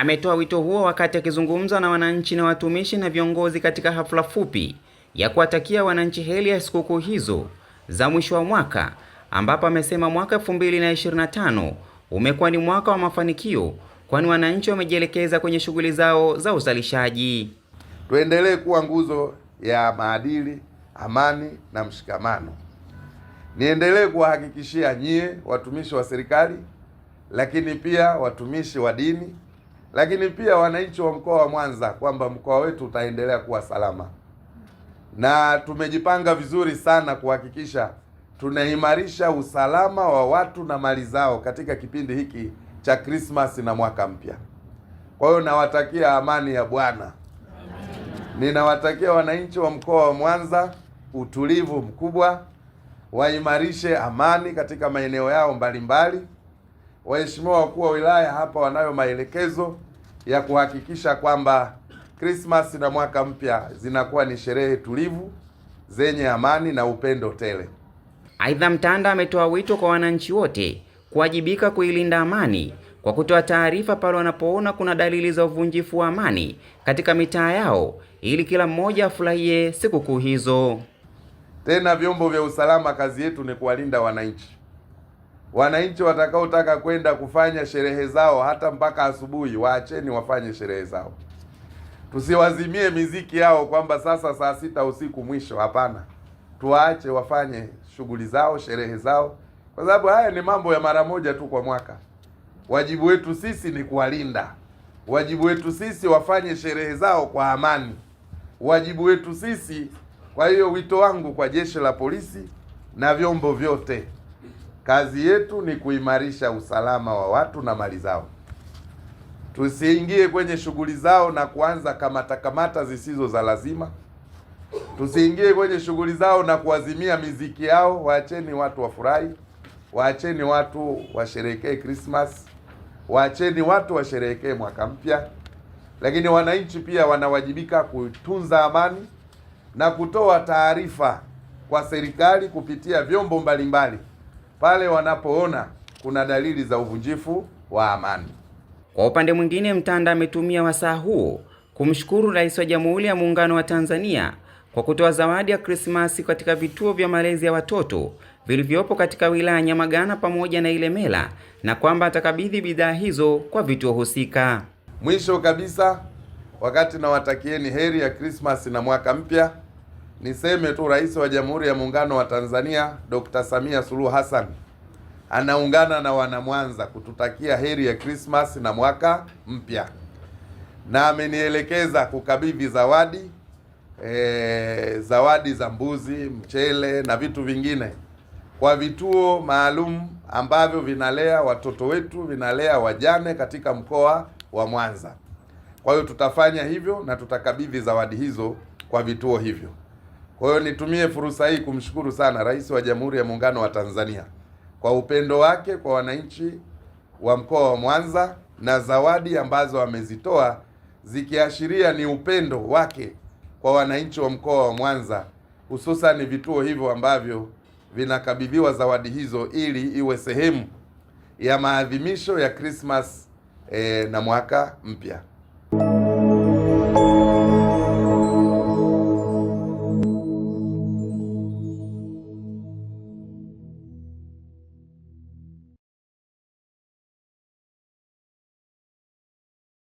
ametoa wito huo wakati akizungumza na wananchi na watumishi na viongozi katika hafla fupi ya kuwatakia wananchi heri ya sikukuu hizo za mwisho wa mwaka, ambapo amesema mwaka 2025 umekuwa ni mwaka wa mafanikio, kwani wananchi wamejielekeza kwenye shughuli zao za uzalishaji. Tuendelee kuwa nguzo ya maadili, amani na mshikamano. Niendelee kuwahakikishia nyie watumishi wa serikali, lakini pia watumishi wa dini lakini pia wananchi wa mkoa wa Mwanza kwamba mkoa wetu utaendelea kuwa salama, na tumejipanga vizuri sana kuhakikisha tunaimarisha usalama wa watu na mali zao katika kipindi hiki cha Krismasi na mwaka mpya. Kwa hiyo nawatakia amani ya Bwana, ninawatakia wananchi wa mkoa wa Mwanza utulivu mkubwa, waimarishe amani katika maeneo yao mbalimbali mbali waheshimiwa wakuu wa wilaya hapa wanayo maelekezo ya kuhakikisha kwamba Christmas na mwaka mpya zinakuwa ni sherehe tulivu zenye amani na upendo tele. Aidha, Mtanda ametoa wito kwa wananchi wote kuwajibika kuilinda amani kwa kutoa taarifa pale wanapoona kuna dalili za uvunjifu wa amani katika mitaa yao ili kila mmoja afurahie sikukuu hizo. Tena vyombo vya usalama, kazi yetu ni kuwalinda wananchi wananchi watakaotaka kwenda kufanya sherehe zao hata mpaka asubuhi, waacheni wafanye sherehe zao. Tusiwazimie miziki yao kwamba sasa saa sita usiku mwisho. Hapana, tuwaache wafanye shughuli zao, sherehe zao, kwa sababu haya ni mambo ya mara moja tu kwa mwaka. Wajibu wetu sisi ni kuwalinda, wajibu wetu sisi wafanye sherehe zao kwa amani, wajibu wetu sisi. Kwa hiyo wito wangu kwa jeshi la polisi na vyombo vyote Kazi yetu ni kuimarisha usalama wa watu na mali zao. Tusiingie kwenye shughuli zao na kuanza kamata kamata zisizo za lazima. Tusiingie kwenye shughuli zao na kuazimia miziki yao. Waacheni watu wafurahi, waacheni watu washerehekee Christmas, waacheni watu washerehekee mwaka mpya. Lakini wananchi pia wanawajibika kutunza amani na kutoa taarifa kwa serikali kupitia vyombo mbalimbali pale wanapoona kuna dalili za uvunjifu wa amani. Kwa upande mwingine, Mtanda ametumia wasaa huo kumshukuru Rais wa Jamhuri ya Muungano wa Tanzania kwa kutoa zawadi ya Krismasi katika vituo vya malezi ya watoto vilivyopo katika wilaya ya Nyamagana pamoja na Ilemela na kwamba atakabidhi bidhaa hizo kwa vituo husika. Mwisho kabisa, wakati nawatakieni heri ya Krismasi na mwaka mpya. Niseme tu Rais wa Jamhuri ya Muungano wa Tanzania Dr. Samia Suluhu Hassan anaungana na wanamwanza kututakia heri ya Christmas na mwaka mpya, na amenielekeza kukabidhi zawadi e, zawadi za mbuzi, mchele na vitu vingine kwa vituo maalum ambavyo vinalea watoto wetu, vinalea wajane katika mkoa wa Mwanza. Kwa hiyo tutafanya hivyo na tutakabidhi zawadi hizo kwa vituo hivyo. Kwa hiyo nitumie fursa hii kumshukuru sana Rais wa Jamhuri ya Muungano wa Tanzania kwa upendo wake kwa wananchi wa mkoa wa Mwanza na zawadi ambazo amezitoa zikiashiria ni upendo wake kwa wananchi wa mkoa wa Mwanza, hususan vituo hivyo ambavyo vinakabidhiwa zawadi hizo ili iwe sehemu ya maadhimisho ya Krismas eh, na mwaka mpya.